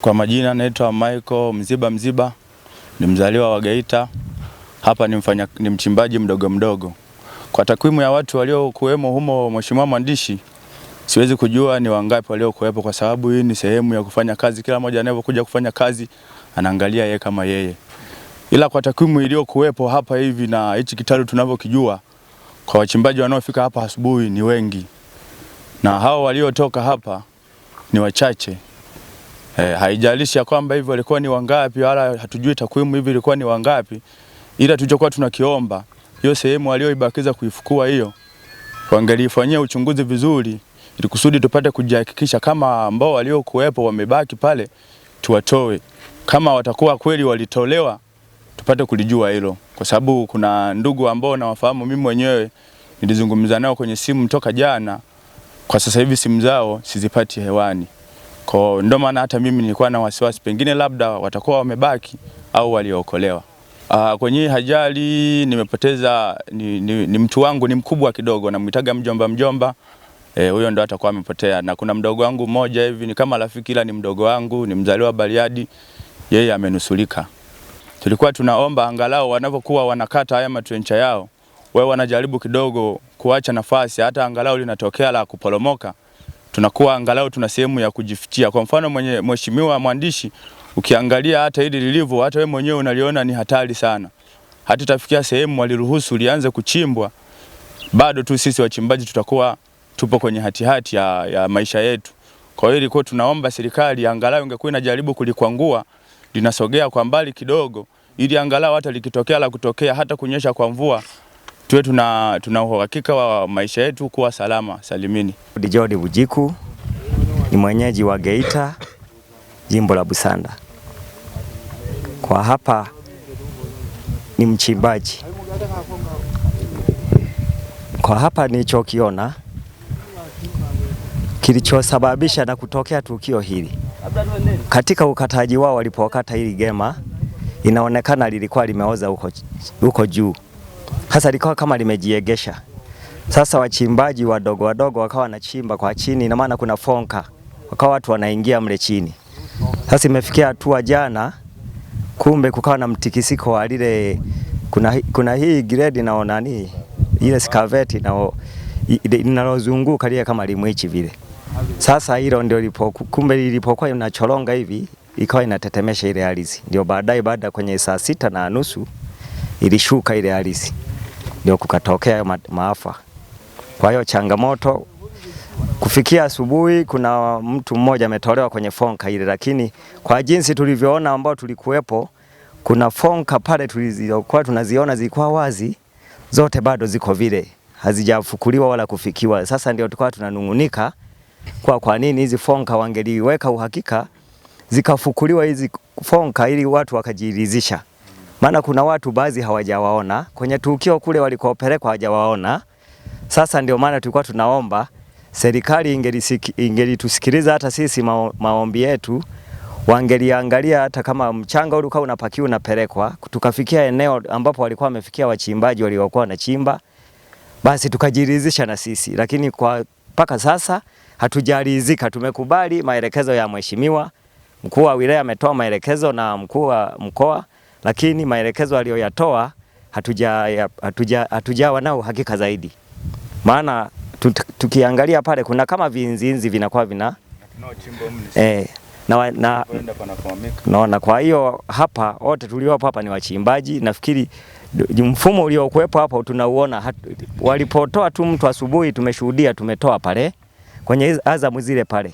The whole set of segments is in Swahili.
Kwa majina naitwa Michael Mziba Mziba, ni mzaliwa wa Geita. Hapa ni, mfanya, ni mchimbaji mdogo mdogo. Kwa takwimu ya watu waliokuwemo humo, mheshimiwa mwandishi, siwezi kujua ni wangapi waliokuwepo, kwa sababu hii ni sehemu ya kufanya kazi. Kila mmoja anapokuja kufanya kazi anaangalia yeye kama yeye, ila kwa takwimu iliyokuwepo hapa hivi na hichi kitalu tunavyokijua, kwa wachimbaji wanaofika hapa asubuhi ni wengi, na hao waliotoka hapa ni wachache. E, haijalishi ya kwamba hivi walikuwa ni wangapi wala hatujui takwimu hivi ilikuwa ni wangapi, ila tulichokuwa tunakiomba hiyo sehemu walioibakiza kuifukua hiyo wangelifanyia uchunguzi vizuri, ili kusudi tupate kujihakikisha kama ambao waliokuwepo wamebaki pale tuwatoe, kama watakuwa kweli walitolewa tupate kulijua hilo, kwa sababu kuna ndugu ambao nawafahamu mimi mwenyewe nilizungumza nao kwenye simu toka jana, kwa sasa hivi simu zao sizipati hewani. Kwa ndio maana hata mimi nilikuwa na wasiwasi pengine labda watakuwa wamebaki au waliookolewa. Uh, ah, kwenye hajali nimepoteza ni, ni, ni mtu wangu ni mkubwa kidogo, namwitaga mjomba mjomba eh, huyo ndo atakuwa amepotea, na kuna mdogo wangu mmoja hivi ni kama rafiki, ila ni mdogo wangu, ni mzaliwa Bariadi, yeye amenusulika. Tulikuwa tunaomba angalau wanavyokuwa wanakata haya matrencha yao, wao wanajaribu kidogo kuacha nafasi, hata angalau linatokea la kuporomoka tunakuwa angalau tuna sehemu ya kujifichia. Kwa mfano mwenye mheshimiwa mwandishi, ukiangalia hata hili lilivyo, hata wewe mwenyewe unaliona ni hatari sana, hata tafikia sehemu waliruhusu lianze kuchimbwa, bado tu sisi wachimbaji tutakuwa tupo kwenye hatihati ya, ya maisha yetu. Kwa hiyo ilikuwa tunaomba serikali angalau ingekuwa inajaribu kulikwangua linasogea kwa mbali kidogo, ili angalau hata likitokea la kutokea, hata kunyesha kwa mvua tuwe tuna, tuna uhakika wa maisha yetu kuwa salama salimini. Dijodi Bujiku ni mwenyeji wa Geita, jimbo la Busanda. Kwa hapa ni mchimbaji. Kwa hapa nilichokiona kilichosababisha na kutokea tukio hili, katika ukataji wao walipokata hili gema, inaonekana lilikuwa limeoza huko huko juu. Hasa likawa kama limejiegesha. Sasa wachimbaji wadogo wadogo wakawa wanachimba kwa chini, na maana kuna fonka, wakawa watu wanaingia mle chini. Sasa imefikia hatua jana, kumbe kukawa na mtikisiko wa lile, kuna, kuna hii grade na onani ile skaveti na linalozunguka lile kama limwichi vile. Sasa hilo ndio lipo, kumbe lilipokuwa inachoronga hivi ikawa inatetemesha ile ardhi, ndio baadaye baada kwenye saa sita na nusu ilishuka ile halisi, ndio kukatokea ma maafa. Kwa hiyo changamoto kufikia asubuhi, kuna mtu mmoja ametolewa kwenye fonka ile, lakini kwa jinsi tulivyoona ambao tulikuwepo, kuna fonka pale tulizokuwa tunaziona zilikuwa wazi zote bado ziko vile hazijafukuliwa wala kufikiwa. Sasa ndio tukawa tunanungunika kwa kwa nini hizi fonka wangeliweka uhakika zikafukuliwa hizi fonka ili watu wakajiridhisha maana kuna watu baadhi hawajawaona kwenye tukio kule walikopelekwa hawajawaona. Sasa ndio maana tulikuwa tunaomba serikali ingelitusikiliza hata sisi mao, maombi yetu wangeliangalia hata kama mchanga ulikuwa unapakiwa unapelekwa, tukafikia eneo ambapo walikuwa wamefikia wachimbaji waliokuwa wanachimba, basi tukajiridhisha na sisi. Lakini kwa mpaka sasa hatujaridhika, tumekubali maelekezo ya mheshimiwa mkuu wa wilaya ametoa maelekezo na mkuu wa mkoa lakini maelekezo aliyoyatoa hatujawa hatuja, hatuja na uhakika zaidi, maana tukiangalia pale kuna kama vinzinzi vinakuwa vina eh, na, na, na, kwa hiyo hapa wote tuliopo hapa ni wachimbaji. Nafikiri mfumo uliokuwepo hapo tunauona, walipotoa tu mtu asubuhi, tumeshuhudia tumetoa pale kwenye azamu zile pale,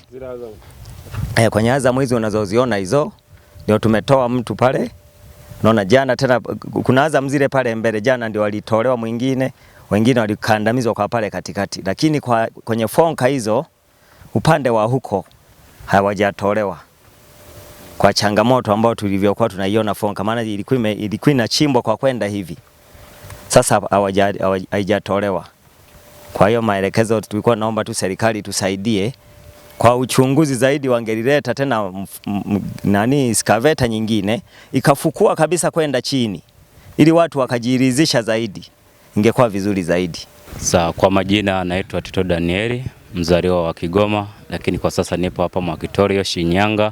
eh, kwenye azamu hizo unazoziona hizo, ndio tumetoa mtu pale Unaona jana tena kuna Azam zile pale mbele jana ndio walitolewa mwingine, wengine walikandamizwa kwa pale katikati, lakini kwa, kwenye fonka hizo upande wa huko hawajatolewa kwa changamoto ambayo tulivyokuwa tunaiona fonka, maana ilikuwa ilikuwa inachimbwa kwa kwenda hivi, sasa hawajatolewa. Kwa hiyo maelekezo tulikuwa naomba tu serikali tusaidie kwa uchunguzi zaidi wangelileta tena nani skaveta nyingine ikafukua kabisa kwenda chini ili watu wakajiridhisha zaidi, ingekuwa vizuri zaidi. Sa, kwa majina anaitwa Tito Danieli, mzaliwa wa Kigoma, lakini kwa sasa nipo hapa Mwakitorio Shinyanga.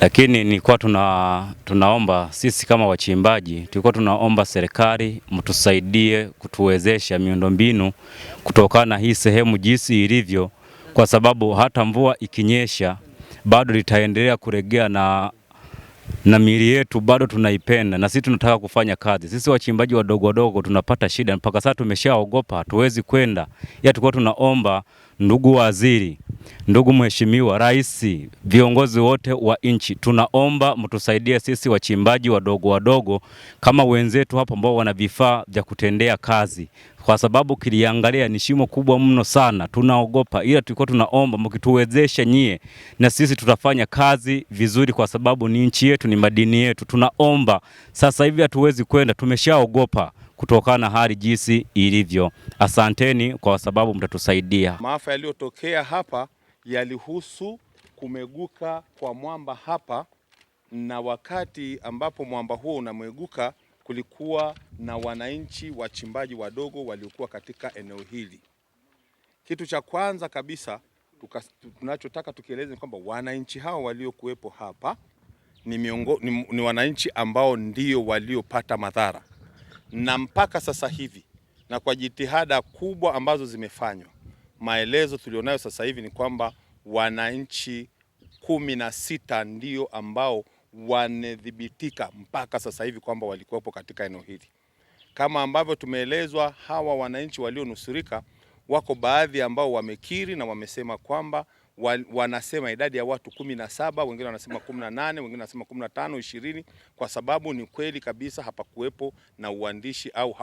Lakini nilikuwa tuna, tunaomba sisi kama wachimbaji tulikuwa tunaomba serikali mtusaidie kutuwezesha miundombinu kutokana na hii sehemu jinsi ilivyo kwa sababu hata mvua ikinyesha bado litaendelea kuregea na, na mili yetu bado tunaipenda, na sisi tunataka kufanya kazi. Sisi wachimbaji wadogo wadogo tunapata shida mpaka sasa, tumeshaogopa, hatuwezi kwenda ya, tulikuwa tunaomba Ndugu waziri, ndugu mheshimiwa rais, viongozi wote wa nchi, tunaomba mtusaidie sisi wachimbaji wadogo wadogo kama wenzetu hapo ambao wana vifaa vya kutendea kazi, kwa sababu kiliangalia ni shimo kubwa mno sana, tunaogopa. Ila tulikuwa tunaomba mkituwezesha nyie, na sisi tutafanya kazi vizuri, kwa sababu ni nchi yetu, ni madini yetu. Tunaomba sasa hivi hatuwezi kwenda, tumeshaogopa kutokana na hali jinsi ilivyo. Asanteni kwa sababu mtatusaidia. Maafa yaliyotokea hapa yalihusu kumeguka kwa mwamba hapa, na wakati ambapo mwamba huo unameguka kulikuwa na wananchi wachimbaji wadogo waliokuwa katika eneo hili. Kitu cha kwanza kabisa tunachotaka tukieleze ni kwamba wananchi hao waliokuwepo hapa ni, miongo, ni, ni wananchi ambao ndio waliopata madhara na mpaka sasa hivi na kwa jitihada kubwa ambazo zimefanywa, maelezo tulionayo sasa hivi ni kwamba wananchi kumi na sita ndio ambao wanathibitika mpaka sasa hivi kwamba walikuwepo katika eneo hili. Kama ambavyo tumeelezwa, hawa wananchi walionusurika wako baadhi ambao wamekiri na wamesema kwamba wanasema idadi ya watu kumi na saba, wengine wanasema kumi na nane, wengine wanasema kumi na tano, ishirini, kwa sababu ni kweli kabisa hapakuwepo na uandishi au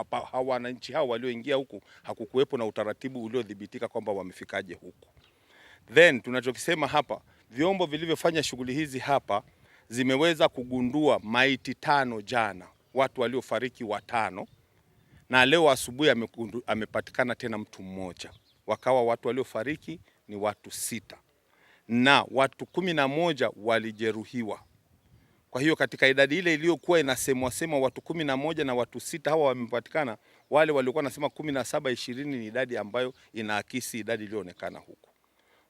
wananchi hao walioingia huku hakukuwepo na utaratibu uliodhibitika kwamba wamefikaje huku. Then tunachokisema hapa, vyombo vilivyofanya shughuli hizi hapa zimeweza kugundua maiti tano jana, watu waliofariki watano, na leo asubuhi amepatikana tena mtu mmoja, wakawa watu waliofariki ni watu sita na watu kumi na moja walijeruhiwa. Kwa hiyo katika idadi ile iliyokuwa inasemwa semwa watu kumi na moja na watu sita hawa wamepatikana, wale waliokuwa nasema kumi na saba ishirini ni idadi ambayo inaakisi idadi iliyoonekana huku.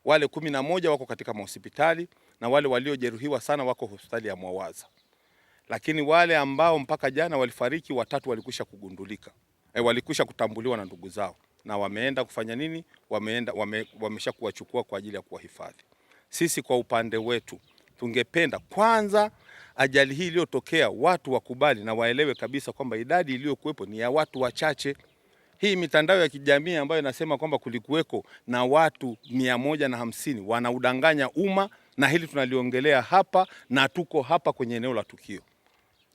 Wale kumi na moja wako katika mahospitali na wale waliojeruhiwa sana wako hospitali ya Mwawaza, lakini wale ambao mpaka jana walifariki watatu walikwisha kugundulika, e, walikwisha kutambuliwa na ndugu zao na wameenda kufanya nini? Wameenda wame, wamesha kuwachukua kwa ajili ya kuwahifadhi sisi kwa upande wetu tungependa kwanza ajali hii iliyotokea watu wakubali na waelewe kabisa kwamba idadi iliyokuwepo ni ya watu wachache. Hii mitandao ya kijamii ambayo inasema kwamba kulikuweko na watu mia moja na hamsini wanaudanganya umma, na hili tunaliongelea hapa na tuko hapa kwenye eneo la tukio,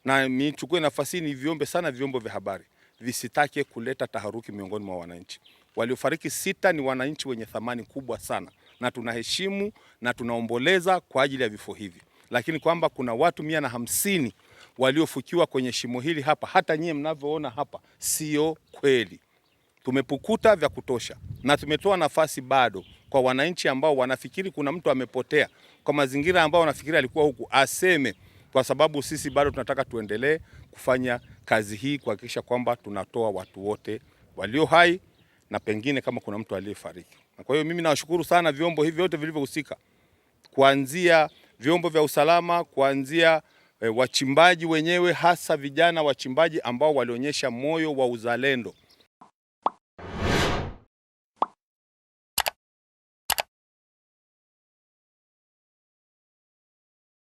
na nichukue nafasi hii niviombe sana vyombo vya habari visitake kuleta taharuki miongoni mwa wananchi. Waliofariki sita ni wananchi wenye thamani kubwa sana na tunaheshimu na tunaomboleza kwa ajili ya vifo hivi, lakini kwamba kuna watu mia na hamsini waliofukiwa kwenye shimo hili hapa, hata nyie mnavyoona hapa, sio kweli. Tumepukuta vya kutosha na tumetoa nafasi bado kwa wananchi ambao wanafikiri kuna mtu amepotea kwa mazingira ambayo wanafikiri alikuwa huku, aseme, kwa sababu sisi bado tunataka tuendelee kufanya kazi hii kuhakikisha kwamba tunatoa watu wote walio hai na pengine kama kuna mtu aliyefariki. Na kwa hiyo mimi nawashukuru sana vyombo hivi vyote vilivyohusika, kuanzia vyombo vya usalama, kuanzia e, wachimbaji wenyewe, hasa vijana wachimbaji ambao walionyesha moyo wa uzalendo.